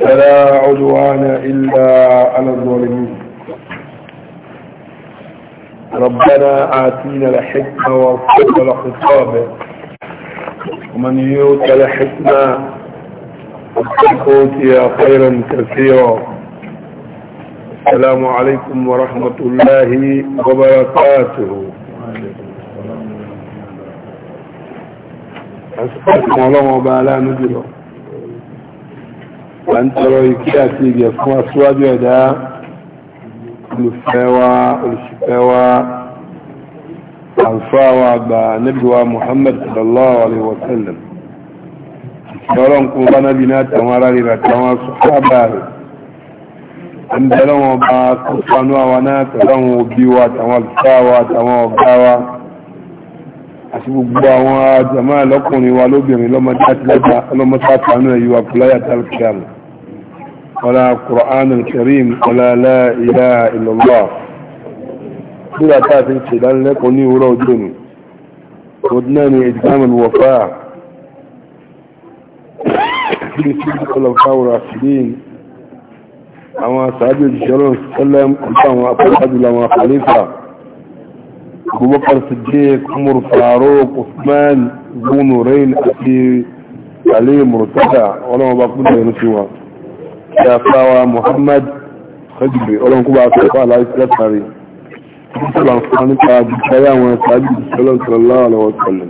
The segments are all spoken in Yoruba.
فلا عدوان إلا على الظالمين ربنا آتينا الحكمة وفضل خطابه ومن يوت الحكمة أوتي خيرا كثيرا السلام عليكم ورحمة الله وبركاته السلام ورحمة الله وبعلا نجله à ń tọrọ ike àti ìgbẹ̀ fún aṣíwájú ẹ̀dá olùfẹ́ wa olùṣìfẹ́ wa àlùfáà wa àgbà nábì wa Muhammad sallallahu alaihi wa sallam ìṣọ́rọ̀ ń kún bá nábì náà tàwọn ará rírà tàwọn sọ́fà rẹ̀ ń bẹ̀rẹ̀ wọn bá kọ́sánú àwọn náà tàwọn òbí wa tàwọn àlùfáà tàwọn ọ̀gá wa àti gbogbo àwọn jàmáà lọ́kùnrin wa lóbìnrin lọ́mọdé àti lọ́mọdé àtàánú ẹ̀yíwá pùláyà tàbí kíàmù ولا قرآن الكريم ولا لا إله إلا الله بلا تاتي سيدان لك وني ولو دوني ودناني إجرام الوفاء في سيدة الوفاء راشدين أما صحابي الجلال سلم ابو وأفضل لما خليفة أبو بكر صديق عمر فاروق عثمان ذو نورين أخي علي مرتدى ولا ما بقول له ìyàfáwa Muhammad Khadri ọlọ́nkúbà àtọ́fà aláìsílẹ̀tàrí ìsìlànfà nípa àbùkárí àwọn ìsáàbì ìsọ́lọ́sọ̀lá àlọ́wọ́sọ̀lẹ̀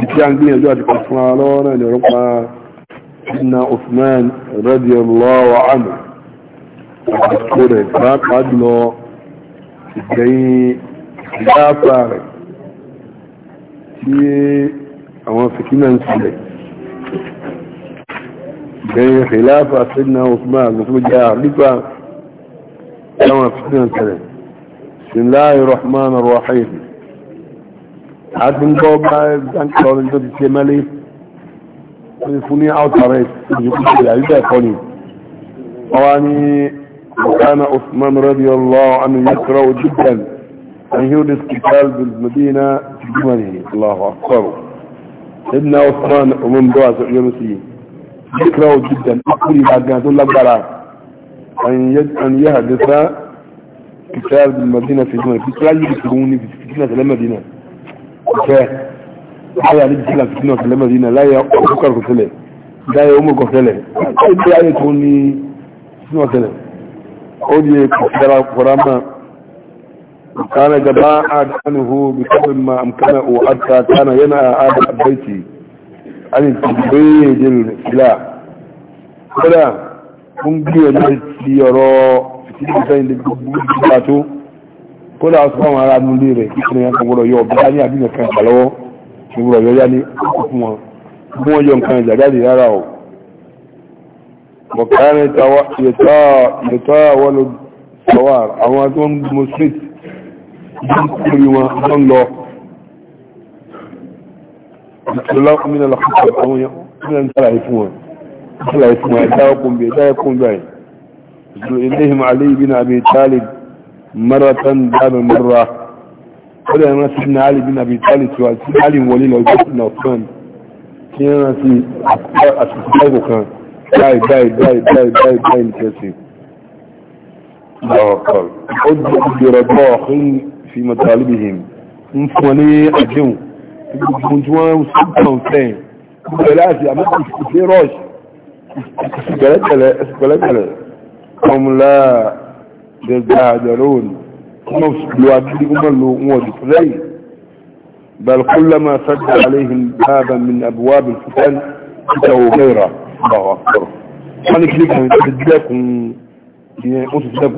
ìtí à ń gbìyànjú àti pàṣẹ lọ́wọ́ náà ní ọ̀rọ̀pá ìnà Uthman radiyallahu anhu àkókò rẹ̀ pàápàá jùlọ ìgbẹ̀yìn ìdáàfà rẹ̀ tí àwọn fìkínà ń sílẹ̀ خلافة سيدنا عثمان مثل جاء خليفة كما في فتنا كذا بسم الله الرحمن الرحيم حد من قوة بان قول انتو تسيمالي فوني او تاريس يقول لي عيدا أيوة فوني واني وكان عثمان رضي الله عنه يكره جدا ان يولد قتال بالمدينة في جمله الله اكبر سيدنا عثمان ومن دعاء يونسيه ذكره جدا أقول ما كانت لبرا أن يحدث كتاب المدينة في المدينة في كتاب يكتبوني في فتنة المدينة فهي على فتنة فتنة المدينة لا يفكر قتله لا يوم قتله لا يكوني فتنة قتله أولي كتاب قرامة كان جماعة عنه بكبر ما أمكنه حتى كان ينأى آل بيتي àti ìtìgbé èdè ìlà kódà ń gbé ẹjọ́ ti ọ̀rọ̀ ìtìgbésẹ́ ilé gbogbo tó kódà ó sọ́wọ́n ara nù lé rẹ̀ kí ni ẹ̀kọ́ gbọ́dọ̀ yọ ọ̀bí ní àbí nǹkan ìgbà lọ́wọ́ kí gbọ́dọ̀ yọ yá ní ọkọ̀ fún wọn bí wọ́n yọ nǹkan ìjà jáde rárá o bọ̀kárẹ́ ìyẹ̀tọ́ àwọn olùsọ̀wà àwọn tó ń mú street ìdí ń kúrò wọn lọ́n lọ ìtọ́lọ́kùn من lọ́kùn tó àwọn èèyàn ń tàlàyé fún wọn tàlàyé fún wọn ìdáyẹkùn bí ìdáyẹkùn báyìí إليهم علي بن أبي طالب مرة بعد مرة ولا أنا سيدنا علي بن أبي طالب سيدنا علي ولي لو جسنا وكان كان في أسفل وكان باي باي باي باي باي باي الكاسي الله أكبر قد برضاخ في مطالبهم انفوني أجوم مجموعة سنتين ثلاثة أمام في روش اسكالاتلا اسكالاتلا هم لا يزدادرون هم يعبدون هم وجفرين بل كلما سد عليهم بابا من أبواب الفتن كتبوا غيره الله أكبر أنا كليك من تجدكم أسف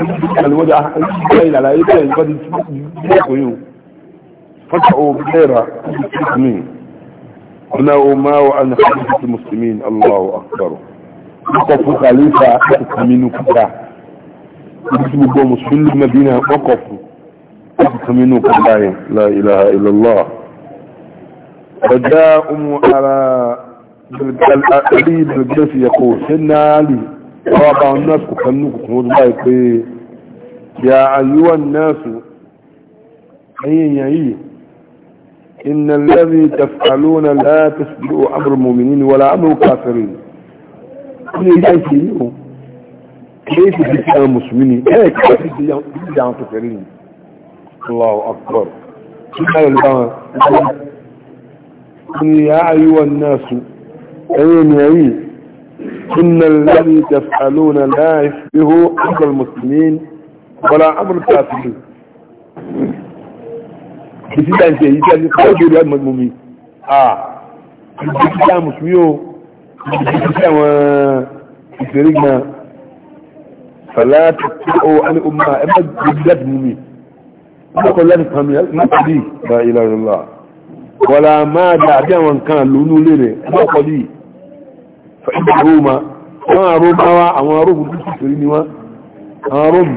نبدي الوضع على أي شيء على أي شيء قد يسمعكم يوم فدعوا بغيرها المسلمين ونهوا ما عن خليفة المسلمين الله أكبر وقفوا خليفة المسلمين كبرى يجب بهم مسلم المدينة وقفوا المسلمين كبرى لا إله إلا الله فجاء أمو على علي بالجلس يقول سنة علي وابع الناس كفنوكم يا أيها الناس أي أي إن الذي تفعلون لا تسبقوا أمر المؤمنين ولا أمر الكافرين كل إذا يسيئوا كيف يسيئ المسلمين إيه كيف يسيئ الكافرين الله أكبر قال الله يا أيها الناس أين يعيد إن الذي تفعلون لا يشبه أمر المسلمين ولا أمر الكافرين ìdí tá n ṣe èyí tẹ́lẹ̀ kọ́ lórí ọmọ mú mi ìdí tí a mùsùlùmí o ìdí tí àwọn ìṣeré gan fàlá tí ó ẹni ó máa ẹ má gbèdé láti mú mi wọ́n kọ́ láti pàmì látàdí ìgbà ìlànà wọ́la máa dà bí àwọn nǹkan lónú lè rẹ̀ lọ́kọ̀ lè fẹ́ ìgbà róma wọ́n àróma wa àwọn róòmù tó sì fèrè ni wọ́n àwọn róòmù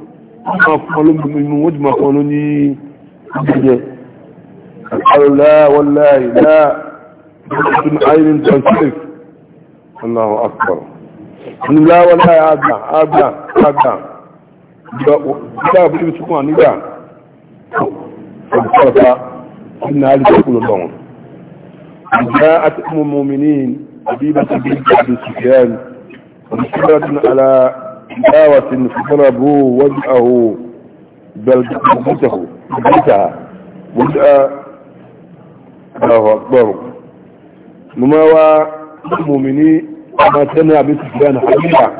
máa fún ọ lómi mímú wọ́n ti máa fún ọ ló ní ìjẹjẹ àlọ́lá wọlá ìlà ìtún ayélujára tọ́sílẹ̀ Allahu akbar nílá wọlá àgbà àgbà àgbà ìgbà àbúrò ibi tukun ànígbà ọ̀pọ̀lọpá nínú àlùkò lọ́wọ́ جاءت أم المؤمنين حبيبة بنت أبي سفيان على دعوة فضربوا وجهه بلدته بلدتها وجاء الله أكبر نماوى المؤمنين ما كان أبي سفيان حبيبا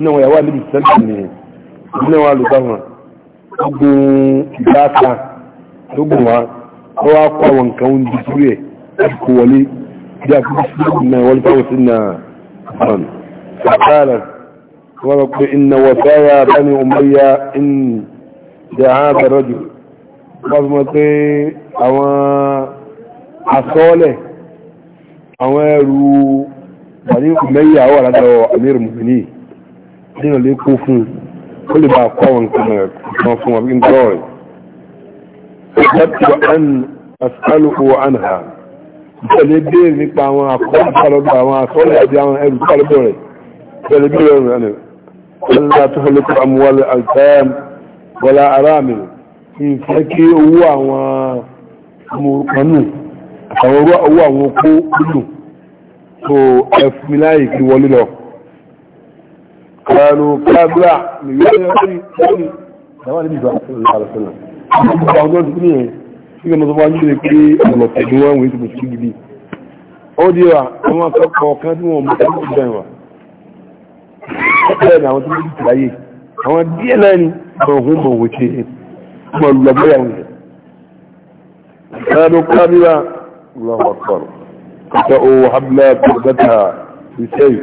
إنه يوى النبي صلى الله عليه وسلم إنه لبهما ogun ìdáta lógun wa ó wá kọ́ àwọn nǹkan oúnjẹ sórí ẹ̀ láti kó wọlé bí a ورب إن وسايا بني أمية إن دعاب الرجل mọ́sùmọ́sí àwọn asọ́ọ́lẹ̀ àwọn ẹrù wàní mẹ́yà wà látọ̀ amir mummini nínú lè kó fún ó lè bá kọ́ wọn kan fún wọn fún tọ́ọ̀rẹ̀ ṣẹ́tù an asálùkù anha ìṣẹ̀lẹ̀ bèèrè nípa àwọn akọ́lọ́dọ̀ àwọn asọ́ọ́lẹ̀ àti àwọn ẹrù kọ́lọ́dọ̀ rẹ̀ ìṣẹ̀lẹ̀ bèèrè rẹ̀ ألا تهلك الأموال الأيتام ولا أرامل ìfẹ́kí owó àwọn ọmọrùkanú àtàwọn owó àwọn okó kúlù tó ẹfùmiláyì kí wọlé lọ kàrànù kábíà ní yóò yẹ kí wọ́n àwọn níbi ìgbà bá bẹ́ẹ̀ ni àwọn tó ń bí tìláyé àwọn díẹ̀ náà ni àwọn òhun mọ̀ wò ṣe mọ̀ lọ́gbẹ́ àwọn yẹn. كانوا كاملا الله أكبر فتأوا حبلا بردتها بسيف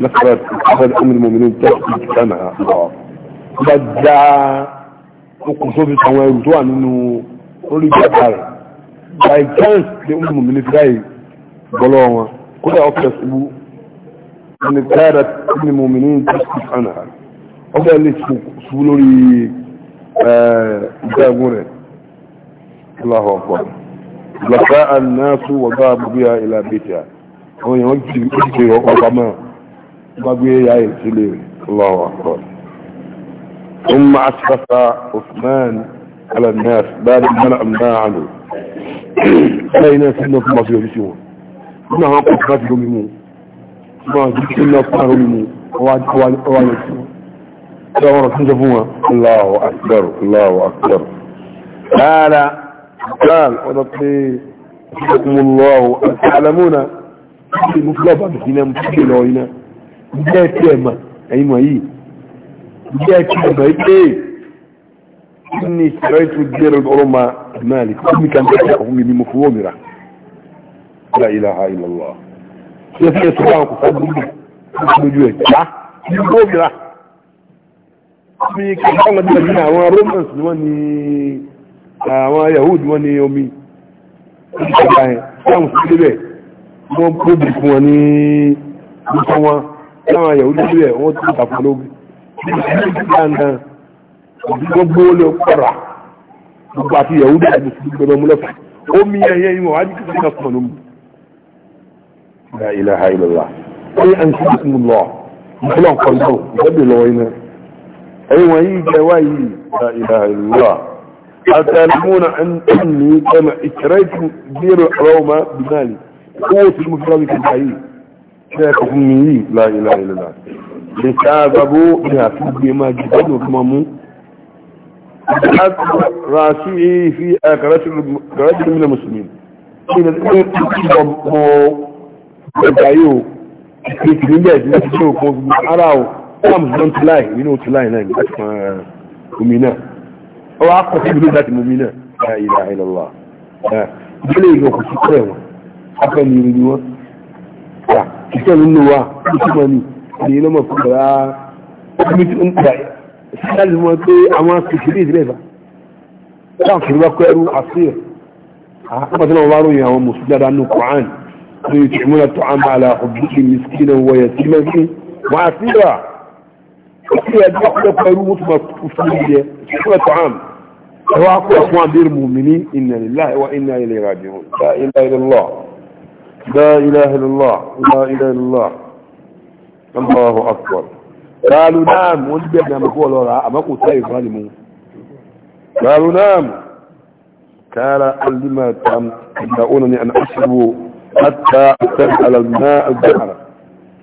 نفرت أحد أم المؤمنين تحت سنها الله gbàgbà okùnfò fi àwọn ẹrù tó wà nínú orí ìjọba rẹ̀ by chance lè ń mú mi ní fúláì bọ́lọ́ wọn kódà ọ̀fẹ́ ṣubú من كانت كل المؤمنين تسكت عنها وقال لي سبلوا لي جابونا الله أكبر لقاء الناس وقابوا بها إلى بيتها هو يوجد إجري وقضما الله أكبر ثم أشرف عثمان على الناس بعد ما لعنا عنه خلينا سنة ما فيه بسيوه إنها قد رجل منه الله اكبر الله اكبر لا لا قال وربي الله تعلمون في مطلبة هنا مشكلة هنا بداية كلمة أي ما هي بداية كلمة إيه إني اشتريت الدير الأرمى مالك أمي كانت أمي بمفومرة لا إله إلا الله ṣe fi ẹ̀sùn bá ọkùnfà gbogbo lójú ẹ̀ já ní gómìnà bí kìlọ́ ọmọdé ẹ̀mí àwọn romans ni wọ́n ní àwọn yahood wọ́n ní omi ìjọba ẹ̀ láwọn sí débẹ̀ wọ́n gbóbi fún wọn ní nǹkan wọn láwọn yahood débẹ̀ wọ́n tún ìtàkùn lóbi gbogbo lè kọ́ra gbogbo àti yahood àti mùsùlùmí gbọdọ̀ múlẹ̀ fún omi ẹ̀yẹ ìwọ̀n wájú kìlọ́ ọmọdé إله إلا الله أي أنتم اسم الله مخلوق قلبه قبل لوينا أي هي جواي لا إله إلا الله أتعلمون أن أني كما إكريت دير الحرومة بمالي قوة المفرد كالحي شاك أمي لا إله إلا الله لتعذبوا بها في ما جدد وكمامو أتعذب راسعي في آخرة رجل من المسلمين إلى الإنسان ẹgbà yóò ìpèsè níbẹ̀ ní ti tó kó ara o sáàmù ló ń tu láì nínú òtún láì náà láti fún eh, omi náà ó wá kọ́ síbi ló láti mú omi náà ẹ̀ ìlà ìlọ́lá ìdílé ìlú kò sí pẹ́ wọn afẹ́ ni ìrìn wọn wà ìṣẹ́ nínú wa ní túmọ̀ ní ní lọ́mọ fún bàrá omi tí ó ń pa ẹ̀ sáàlì wọn pé àwọn kìkìrì ìdílé ìfà sáàmù kìrì bá kọ́ ẹrú àṣírí àwọn ọmọdé náà wá ròyìn àwọn mùsùlùmí dáadáa nù kọ́ àná ويطعمون الطعام على حبه مسكينا ويتيما فيه وعسيرا وفي أدوات يقروا مطمئنية كل الطعام هو أقول أخوان بير مؤمنين إنا لله وإنا إلي راجعون لا إله إلا الله لا إله إلا الله لا إله إلا الله الله أكبر قالوا نعم أن ونبيعنا نعم، مقول أما أمقوا سيد ظالمون قالوا نعم قال علم تم تدعونني أن أشربوا حتى تسأل الماء البحر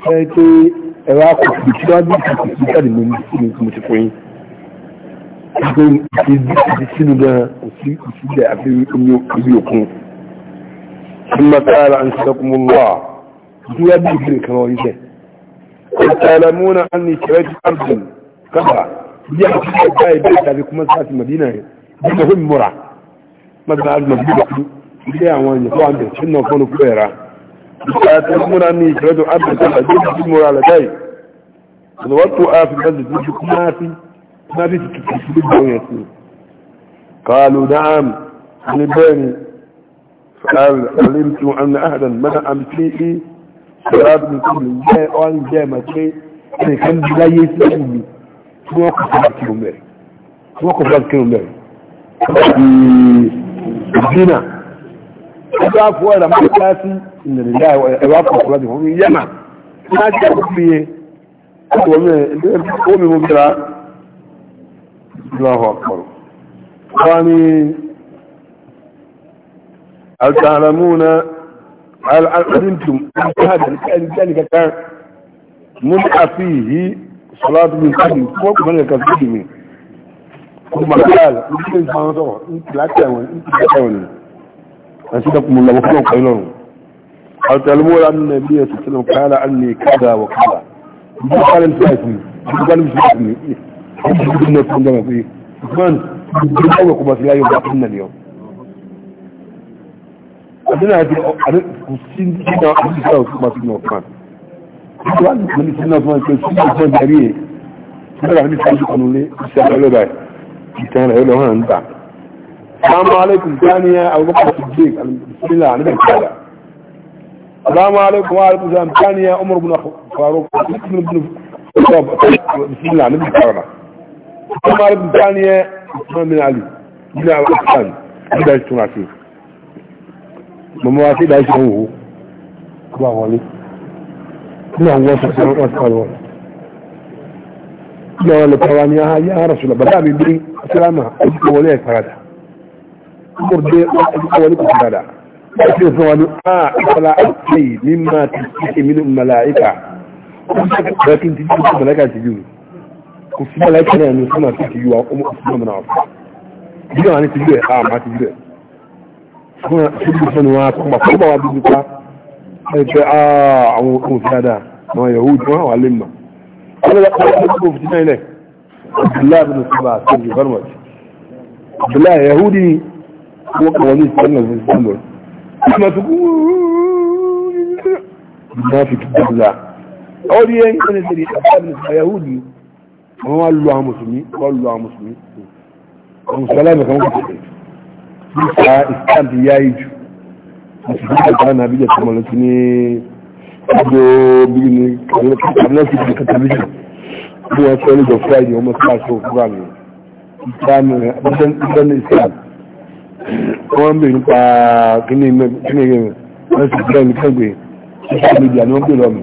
فأنتي أراكم في كتابي في كتابي من المتفعين ìgbẹ́ ìdí sínú náà òsì ìsìlẹ̀ àti omi òkun tí ma tààrà ń sọ́kùnmù lọ́wọ́ tí wá bí ìgbẹ́ kan wọ́n ilẹ̀ ṣe báyìí bẹ́ẹ̀ tàbí kuma sáà ti madina rẹ̀ bí ma fi mura ma ta arzikin ilé àwọn èèyàn tó wà ní sínú ọkùnrin kú ẹ̀ra ìgbà tó múra ní ìfẹ́dọ̀ abẹ́sẹ̀lá tó ti fi múra rẹ̀ báyìí ọ̀dọ̀wọ́ tó a fi bẹ́ẹ̀ tó ti kúmá sí kúmá sí tuntun sí gbogbo yẹn sí kàálù dáhàm ní bẹ́ẹ̀ ni fàálù tó àmì àhàdàn mẹ́ta àmì sí ọjọ́ àfọwọ́ ẹ̀rọ máa kíláàsì ìnìlẹ̀ ẹ̀rọ àfọwọ́ ẹ̀rọ fún yẹ́mà máa jẹ́ òfin yẹ ọ̀pọ̀ omi mo bíra lọ́wọ́ ọ̀pọ̀rọ̀ wọ́n ni al'alamuna al'adintum al'adintum mun a fi yi salatu min kadi ko kuma ne kafin ne kuma kala in kuma sọ̀rọ̀ in kìlá tẹ̀wọ̀n in kìlá tẹ̀wọ̀n ne أسيدكم الله وكلهم قيلون قال تعلمون أن النبي صلى الله عليه وسلم قال عني كذا وكذا قال انت اسمي قال مش اسمي في عندما فيه عثمان بيقولكم بس لا يبقى اليوم عندنا هذه كسين كده ما في عثمان عثمان من سنة عثمان كان سنة عثمان جريه سنة عثمان كان يقولون لي السنة الأولى بعد السنة الأولى هنا نبع السلام عليكم ثانية أبو بكر الصديق بسم الله نبي تعالى السلام عليكم وعليكم السلام ثانية عمر بن فاروق بسم الله نبي تعالى السلام عليكم ثانية عثمان بن علي بن الحسن هذا اجتماع فيه ممواتي لا يشعوه الله عليك لا هو سبحانه وتعالى لا ولا ثواني يا رسول الله بدأ بي السلامة أجل ولا فرادها kúròdé ẹgbẹ́ wọlé kò dára ẹgbẹ́ fún wọn ni a ìfọlá àti mímọ ti ti èmi ní màláìka bẹ́ẹ̀ kí n ti ti màláìka ti yù kò sí màláìka náà ní sọ́nà ti yù àwọn ọmọ òṣìṣẹ́ mọ̀ náà fún bí wọn ti yù ẹ̀ a máa ti yù ẹ̀ fún wọn ti yù fún wọn kọ́ wa dúdú pa ẹ pé a àwọn òkú fi dáadáa àwọn yahoo tí wọn wà lé mọ ọlọ́dọ̀ ọlọ́dọ̀ kò fi náà ilẹ̀ abdullahi bin sọba àti ìbánu wájú abdullahi yahudi wọ́n wọlé ìsìnkú ìsìnkú ìsìnkú ìsìnkú munafiki dabla àwọn ni yẹn kọ́ni sẹ́ni àbábìnrin sọ yahudi wọ́n wá lu àwọn mùsùlùmí wọ́n lu àwọn mùsùlùmí àwọn mùsùlùmí aláìmọ̀kan wọ́n kò tẹ̀lé nípa islam ti yáyé jù mùsùlùmí kàkà náà bí jẹ́ sọmọ lọ́tí ní gbogbo bí ní kàbínọ́sì ti kàtà bí jù bí wọ́n sọ ní jọ friday wọ́n mọ̀ sí àṣọ program yìí islam islam wọ́n bèèrè nípa kíní rẹ̀ wọ́n sì bẹ́ẹ̀ ní kẹ́gbẹ̀ social media ni wọ́n bèèrè ọmọ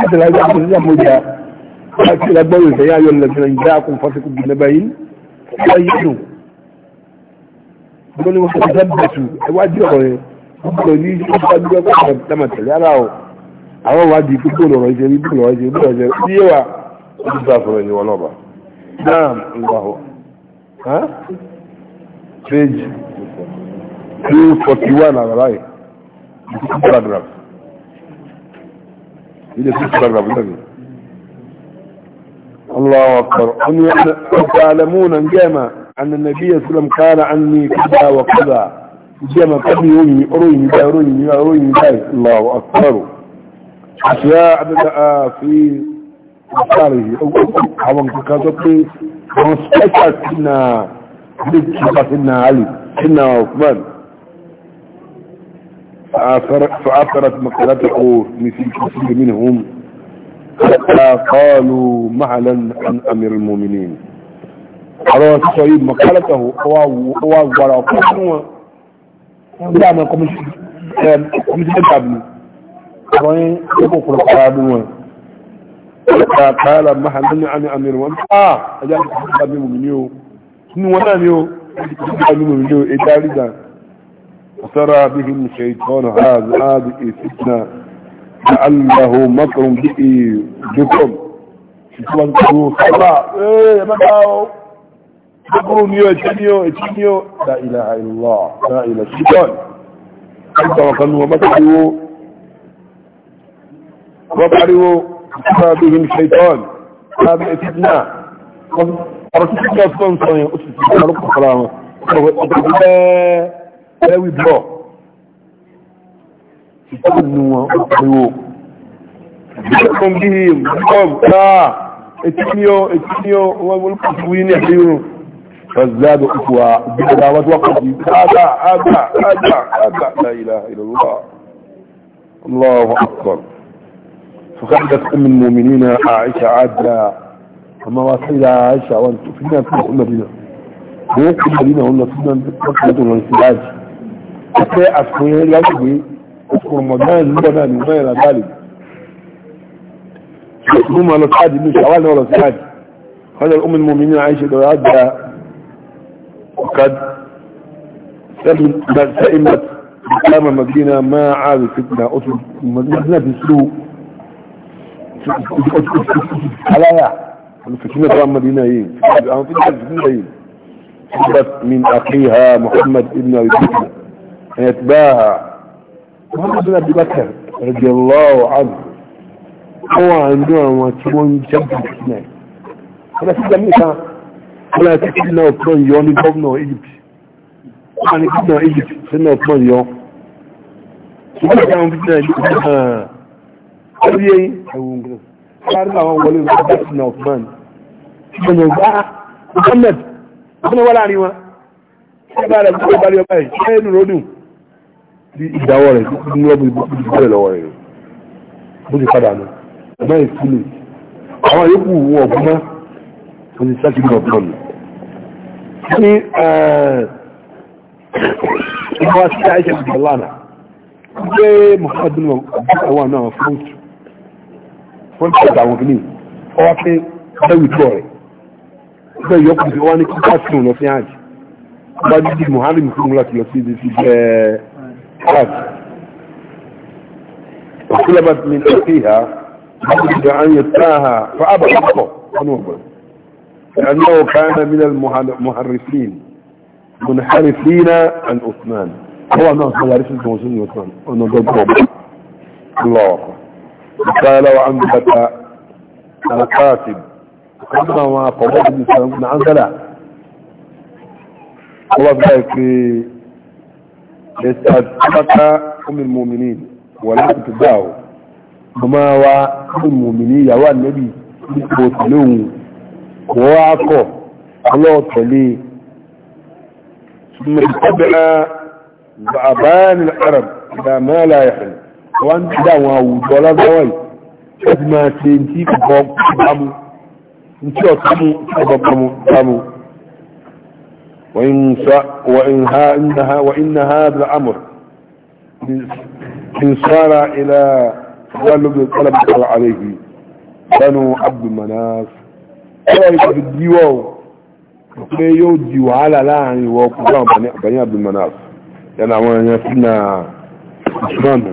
láti láti láti láti mọ́jà láti lágbọ́rọ̀ ìfẹ́ yá yọ̀lẹ̀ fi ń dá kún fọ́síkú bí nẹ́bẹ̀ yìí wọ́n yí dùn wọ́n ni wọ́n fi dá bẹ̀tù ẹwájú ọ̀rẹ́ wọ́n ní ìṣẹ́jú ọgbọ́n tẹ̀lé ara ọ̀ àwọn wádìí pé bóòlù ọ̀rọ̀ ìṣẹ́ bóòlù ọ̀rọ̀ ìṣẹ́ bóòlù ọ̀rọ̀ ìṣẹ́ yé wa ó ti bá fọ̀rọ̀ ìwọ̀n náà bá. page 241 àgbàláyé ìdíkú paragraph ilé fún paragraph lẹ́nu الله أكبر أن تعلمون جامع أن النبي صلى الله عليه وسلم قال عني كذا وكذا جامع قبل يومي أرويني دا أرويني دا أرويني دا الله أكبر أشياء عدد في أفكاره أو حوانك كذا في ونسبتك سيدنا علي سيدنا عثمان فأثرت مقالته مثل كثير منهم حتى قالوا معلا عن أمير المؤمنين قالوا سعيد مقالته هو ولا هو لا ما قمش قمش بابني قالوا يقول قرابنا قال معلا عن أمير المؤمنين آه أجاب أمير المؤمنين nínú wọn náà ni ó ìgbà nínú ìlú ẹja rígbà àsára bíhí ní ṣètọ́nà ààbí ìfìtìnà aláhù mọ́kànlá bí i jacob ìtura tó sábà ẹ̀ẹ́ bàbá ó gbogbo ni ó ẹ̀tí ni ó ẹ̀tí ni ó dáìlà àìlọ́ dáìlà ṣìtọ́n ẹgbà wọn kan ní wọn bá pariwo wọ́n pariwo àsára bíhí ní ṣètọ́nà ààbí ìfìtìnà ọ̀rọ̀ tí kíkọ́ tó ń sọ yẹn ó sì ti sọ lọ́pọ̀ fọ́ra wọn ọ̀rọ̀ tó bẹ́ ẹ̀wì bọ̀ ìtọ́jú nínú wọn ọ̀pẹ̀wò ìgbẹ́kùn bí ìgbọ́m káà etí ní ó etí ní ó wọn wọn kò fún yín ní àdéhùn fàzádọ̀ ìfò à gbígbà wọn tó wà kọ̀ sí káàdà àgbà àgbà àgbà láìlà ìlọ́lọ́wà الله أكبر فقدت أم المؤمنين عائشة عدلها أما واسيدة عائشة وأن فينا في المدينة بوقت المدينة هنا فينا تفيدنا الانسلاج حتى أسكوية الواجب أذكر مجال لبنا من غير ذلك هم على الصعاد ابن شعوان ولا سعد هذا الأم المؤمنين عائشة وعدى وقد سئمت قام المدينة ما عاد فتنة أطلب المدينة في سوء عليها الفتنة في مدينة ايه عن فتنة الفتنة ايه سبت من اخيها محمد ابن ابي بكر يتباهى محمد بن ابي بكر رضي الله عنه هو عنده وتون جنب الفتنة انا في جميع ولا تكلنا وطنون يوني بابنا ايجيبت يعني كنا ايجيبت سنة وطنون يوني سبت عن فتنة ايجيبت ايه ايه kárí àwọn wọlé ìgbàgbàsí na ọ̀fman ṣùgbọ́n ọ̀gá mohammed ọ̀gbọ́n wà láàrin wọn ṣẹ́gbà rẹ̀ gbogbo ìbálẹ̀ ọba ẹ̀ ṣẹ́ inú ròdù bí ìdáwọ́ rẹ̀ tó kún lọ́bù ìbúrẹ̀ lọ́wọ́ rẹ̀ bó ti padà nù ọ̀gbọ́n ẹ̀ sílẹ̀ àwọn yòókù wọ ọ̀gbọ́n mọ́ tó ti sákì ní ọ̀gbọ́n mi. ní ìwọ́n sí àìsàn ìgbàlánà wọ́n ti ọ̀dà àwọn kìíní ọwọ́ pé ọ̀dà tó rẹ̀ ọ̀dà ìyọkùn sí wọ́n ní kíkà sí òun lọ sí àjì ọba dídí muhammed fún un láti lọ sí ibi sí jẹ́ àjì ọ̀kúlẹ̀bà ti ní lọ sí ìhà ọ̀dà àyè táhà fún àbà ọkọ̀ wọn ò gbọ́ لأنه كان من المحرفين منحرفين عن عثمان هو أنه مدارس الموزن عثمان أنه الله أكبر قال وأنبت على قاتب قلنا ما قبض الإسلام من لا الله بذلك يستعدتك أم المؤمنين ولا تتباعوا وما هو ام المؤمنين يا النبي يقتلون وواعكم الله تلي ثم اتبع بعبان العرب إذا ما لا يحل wọ́n ti dá àwọn àwùjọ lágbàwọ̀ yìí láti máa ṣe ní ọ̀bọ̀ pàmù ní ọ̀tọ́mù ọ̀bọ̀ pàmù pàmù وإن هذا الأمر إن صار إلى غلب الطلب عليه بنو عبد مناف ذلك في abdulmanaf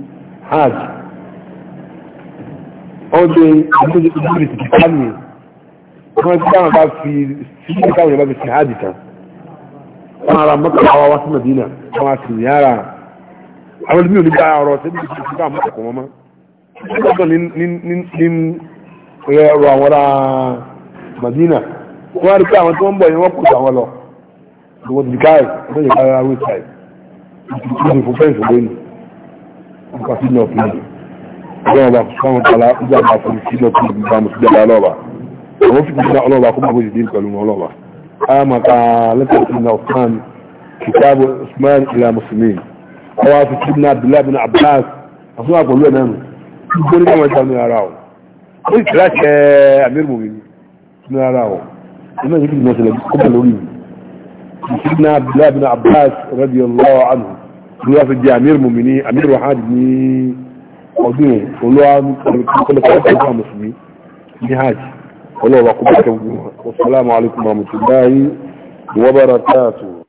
hajj wọ́n ṣe àdúgbò ìdílé ti kánì wọ́n ti dáhùn bá fi sílẹ̀ káwọn yẹn bá fi ṣe hajj tán wọ́n ara mọ́tò àwọn wá sí Madina wọ́n á sì yára àwọn ìdílé onígbà ọ̀rọ̀ tẹ́lẹ̀ ti fi bá mọ́tò kọ̀ wọ́n mọ́ ní ẹ̀rọ àwọn ará Madina wọ́n á rí pé àwọn tó ń bọ̀ yẹn wọ́n kù sáwọn lọ lọ́wọ́ ti káyì wọ́n yẹ káyà wíṣáì ìtìkú ní fún fẹ́ǹsì lónìí nǹkan sí lọ fún ọlọ́run ọba sọ́wọ́n tala ìjà bá fún sí lọ fún ìgbà mùsùlùmí ọba ọlọ́ba àwọn fi gbígbà ọlọ́ba kó máa bójú dín pẹ̀lú ọlọ́ba a máa ka lẹ́tọ̀ọ́ ní ọ̀sán kìtàbù usman ilà mùsùlùmí ọwọ́ a fi kí ní abdullahi bin abbas àfún àpọ̀lú ẹ̀ nánu gbogbo ní káwọn ìjà ní ara o ó sì tẹ̀lé àṣẹ amir mumin ní ara o inú ìyíkì ìmọ̀ ìṣẹ̀lẹ̀ kó bẹ̀ lórí ìṣẹ̀lẹ̀ abdullahi bin abbas radiyallahu anhu ní wọ́n fi jẹ́ amir mumini amir wahad ní ọdún olúwa kọlọkọlọkọ àwọn mùsùlùmí ní hajj olúwa kọlọkọ àwọn mùsùlùmí wa salamu alaikum wa rahmatullahi wa barakatuh